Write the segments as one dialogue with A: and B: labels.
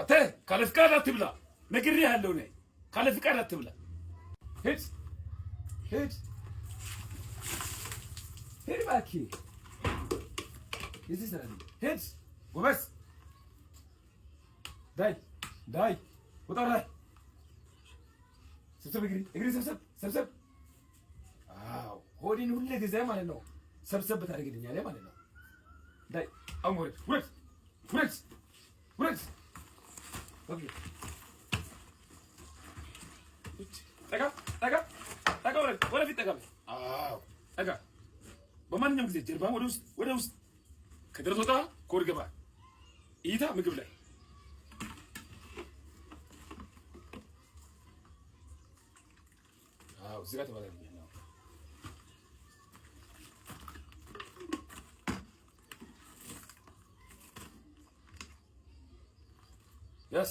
A: አተ ካለ ፍቃድ አትብላ፣ ነግሬህ ያለው ነኝ። ካለ ፍቃድ አትብላ። ሂድ ሂድ ሂድ እባክህ፣ እዚህ ስራ ሂድ። ጎበዝ ዳይ ዳይ ወጣ ላይ ሰብሰብ፣ እግሪ እግሪ፣ ሰብሰብ ሰብሰብ። አዎ ሆዴን ሁሌ ጊዜ ማለት ነው ሰብሰብ ታደርግልኛለህ ማለት ነው። ዳይ አሁን ወረድ ወረድ ወደፊት ጠጋ። ጠጋ። በማንኛውም ጊዜ ጀርባህን ወደ ውስጥ ወደ ውስጥ ከደረት ወጣ፣ ገባ። እይታ ምግብ ላይ እዚህ ጋር ተባለ። ያስ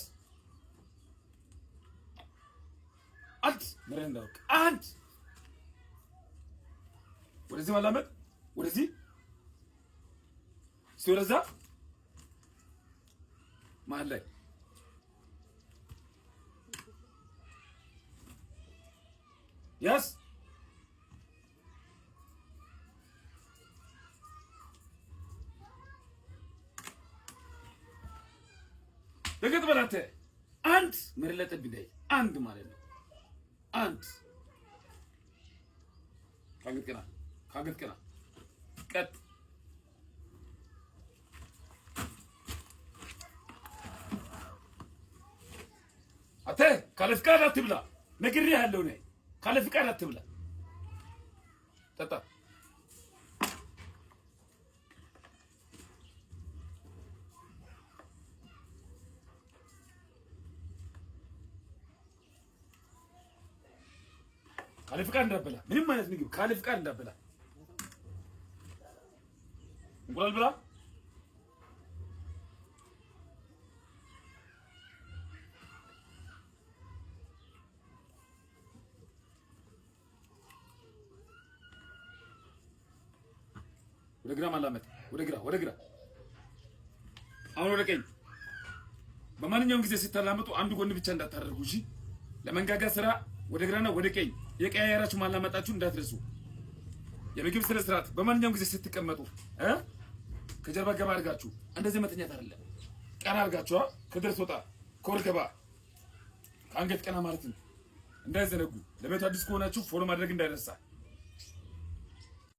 A: አንድ ምርህ እንደውቅ አንድ ወደዚህ ማላመጥ ወደዚህ ሲወደዛ መሀል ላይ ያስ ደገጥ በላተ አንድ ምርለጥ ቢደይ አንድ ማለት ነው። አንድ ካገጥከና ካገጥከና ቀጥ አተ ካለ ፍቃድ አትብላ ነግሬሃለሁ። ካለ ፍቃድ አትብላ ጠጣ ካለ ፍቃድ እንዳትበላ። ምንም አይነት ምግብ ካለ ፍቃድ እንዳትበላ። እንቁላል ብላ። ወደ ግራ ማላመት፣ ወደ ግራ፣ ወደ ግራ፣ አሁን ወደ ቀኝ። በማንኛውም ጊዜ ሲተላመጡ አንድ ጎን ብቻ እንዳታደርጉ እሺ። ለመንጋጋ ስራ ወደ ግራና ወደ ቀኝ የቀያየራችሁ ማላመጣችሁ እንዳትረሱ። የምግብ ስነ ስርዓት በማንኛውም ጊዜ ስትቀመጡ እ ከጀርባ ገባ አድርጋችሁ እንደዚህ መተኛት አይደለም። ቀና አድርጋችሁ ከደርስ ወጣ ኮር ገባ ከአንገት ቀና ማለት ነው። እንዳይዘነጉ። ለቤቱ አዲስ ከሆናችሁ ፎሎ ማድረግ እንዳይረሳ።